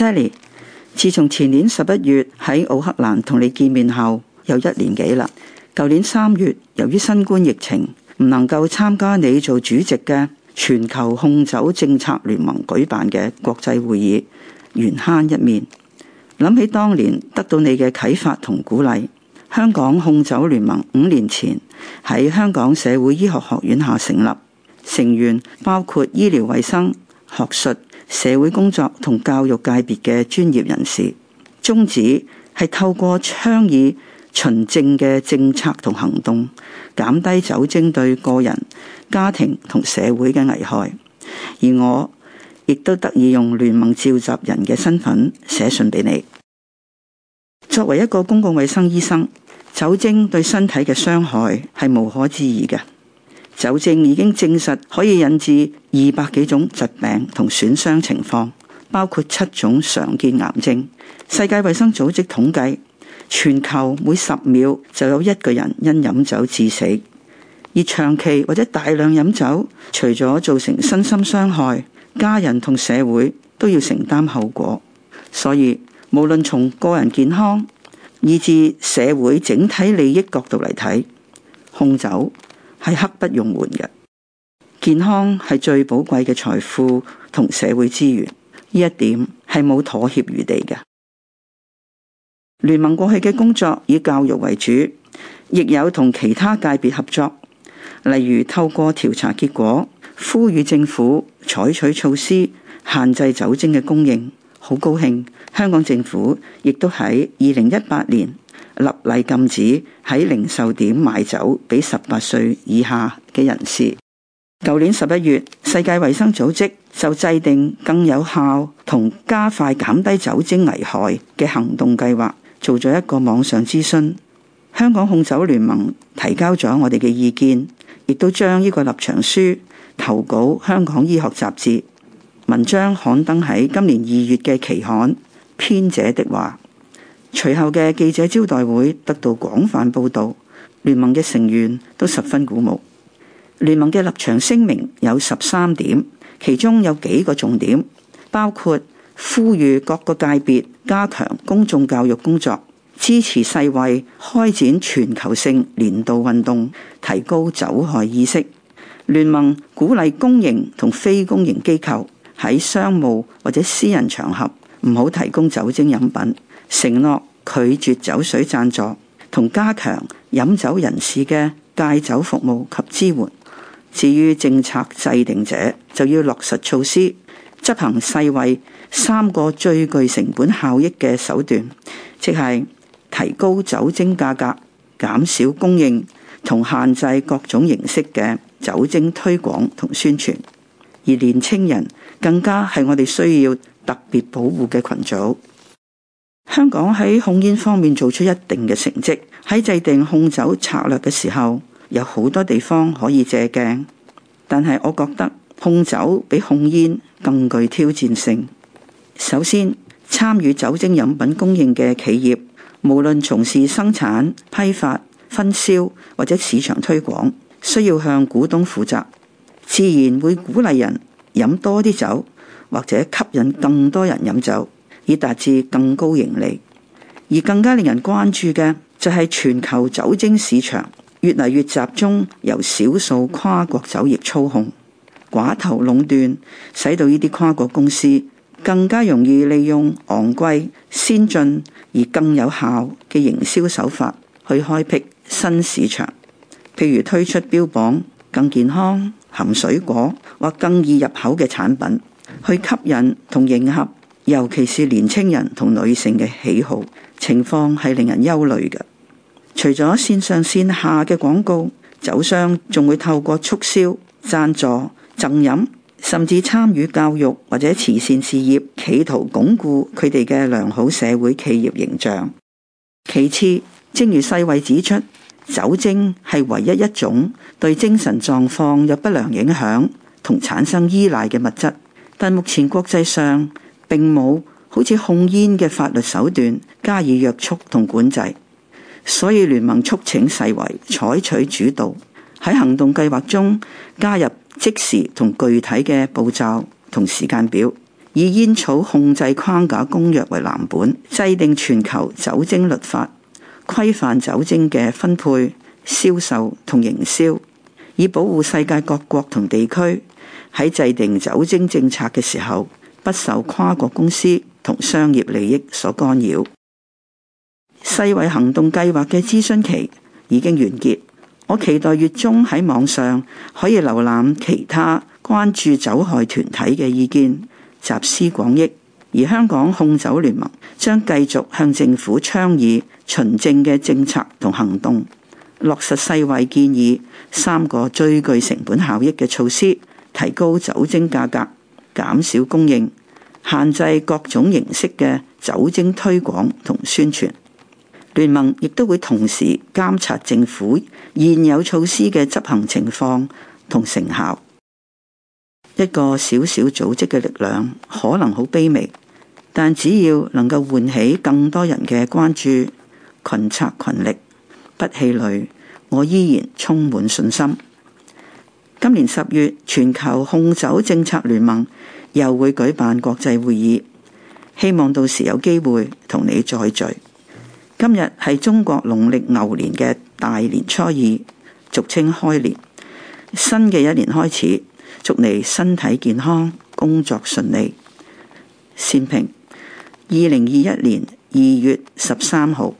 Sally，自從前年十一月喺奧克蘭同你見面後，有一年幾啦。舊年三月，由於新冠疫情，唔能夠參加你做主席嘅全球控酒政策聯盟舉辦嘅國際會議，緣慳一面。諗起當年得到你嘅啟發同鼓勵，香港控酒聯盟五年前喺香港社會醫學學院下成立，成員包括醫療衛生、學術、社會工作同教育界別嘅專業人士，宗旨係透過倡議循證嘅政策同行動，減低酒精對個人、家庭同社會嘅危害。而我亦都特意用聯盟召集人嘅身份寫信俾你。作為一個公共衛生醫生，酒精對身體嘅傷害係無可置疑嘅。酒精已經證實可以引致二百幾種疾病同損傷情況，包括七種常見癌症。世界衛生組織統計，全球每十秒就有一個人因飲酒致死。而長期或者大量飲酒，除咗造成身心傷害，家人同社會都要承擔後果。所以，無論從個人健康，以至社會整體利益角度嚟睇，控酒。係刻不容緩嘅，健康係最寶貴嘅財富同社會資源，呢一點係冇妥協餘地嘅。聯盟過去嘅工作以教育為主，亦有同其他界別合作，例如透過調查結果，呼籲政府採取措施，限制酒精嘅供應。好高興，香港政府亦都喺二零一八年。立例禁止喺零售點賣酒俾十八歲以下嘅人士。舊年十一月，世界衛生組織就制定更有效同加快減低酒精危害嘅行動計劃，做咗一個網上諮詢。香港控酒聯盟提交咗我哋嘅意見，亦都將呢個立場書投稿香港醫學雜誌。文章刊登喺今年二月嘅期刊。編者的話。隨後嘅記者招待會得到廣泛報道，聯盟嘅成員都十分鼓舞。聯盟嘅立場聲明有十三點，其中有幾個重點，包括呼籲各個界別加強公眾教育工作，支持世衛開展全球性年度運動，提高酒害意識。聯盟鼓勵公營同非公營機構喺商務或者私人場合唔好提供酒精飲品。承諾拒絕酒水贊助，同加強飲酒人士嘅戒酒服務及支援。至於政策制定者，就要落實措施，執行世衛三個最具成本效益嘅手段，即係提高酒精價格、減少供應同限制各種形式嘅酒精推廣同宣傳。而年輕人更加係我哋需要特別保護嘅群組。香港喺控煙方面做出一定嘅成績，喺制定控酒策略嘅時候，有好多地方可以借鏡。但係我覺得控酒比控煙更具挑戰性。首先，參與酒精飲品供應嘅企業，無論從事生產、批發、分銷或者市場推廣，需要向股東負責，自然會鼓勵人飲多啲酒，或者吸引更多人飲酒。以達至更高盈利，而更加令人關注嘅就係全球酒精市場越嚟越集中，由少數跨國酒業操控寡頭壟斷，使到呢啲跨國公司更加容易利用昂貴、先進而更有效嘅營銷手法去開闢新市場，譬如推出標榜更健康、含水果或更易入口嘅產品，去吸引同迎合。尤其是年青人同女性嘅喜好情況係令人憂慮嘅。除咗綫上綫下嘅廣告，酒商仲會透過促銷、贊助、贈飲，甚至參與教育或者慈善事業，企圖鞏固佢哋嘅良好社會企業形象。其次，正如世衛指出，酒精係唯一一種對精神狀況有不良影響同產生依賴嘅物質，但目前國際上並冇好似控煙嘅法律手段加以約束同管制，所以聯盟促請世衞採取主導，喺行動計劃中加入即時同具體嘅步驟同時間表，以煙草控制框架公約為藍本，制定全球酒精律法，規範酒精嘅分配、銷售同營銷，以保護世界各國同地區喺制定酒精政策嘅時候，不受跨國公司同商業利益所干擾。世衞行動計劃嘅諮詢期已經完結，我期待月中喺網上可以瀏覽其他關注酒害團體嘅意見，集思廣益。而香港控酒聯盟將繼續向政府倡議循證嘅政策同行動，落實世衞建議三個最具成本效益嘅措施，提高酒精價格。減少供應，限制各種形式嘅酒精推廣同宣傳。聯盟亦都會同時監察政府現有措施嘅執行情況同成效。一個小小組織嘅力量可能好卑微，但只要能夠喚起更多人嘅關注，群策群力，不氣餒，我依然充滿信心。今年十月，全球控酒政策聯盟又會舉辦國際會議，希望到時有機會同你再聚。今日係中國農曆牛年嘅大年初二，俗稱開年，新嘅一年開始，祝你身體健康，工作順利。倩屏，二零二一年二月十三號。